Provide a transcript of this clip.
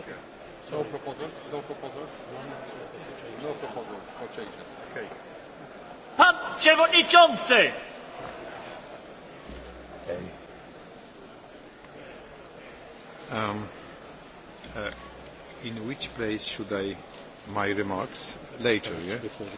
Okay. So no proposals? No proposals? No, no, no, no proposals for changes. Okay. Pan Przewodniczący! Okay. Um, uh, in which place should I my remarks later? Yeah.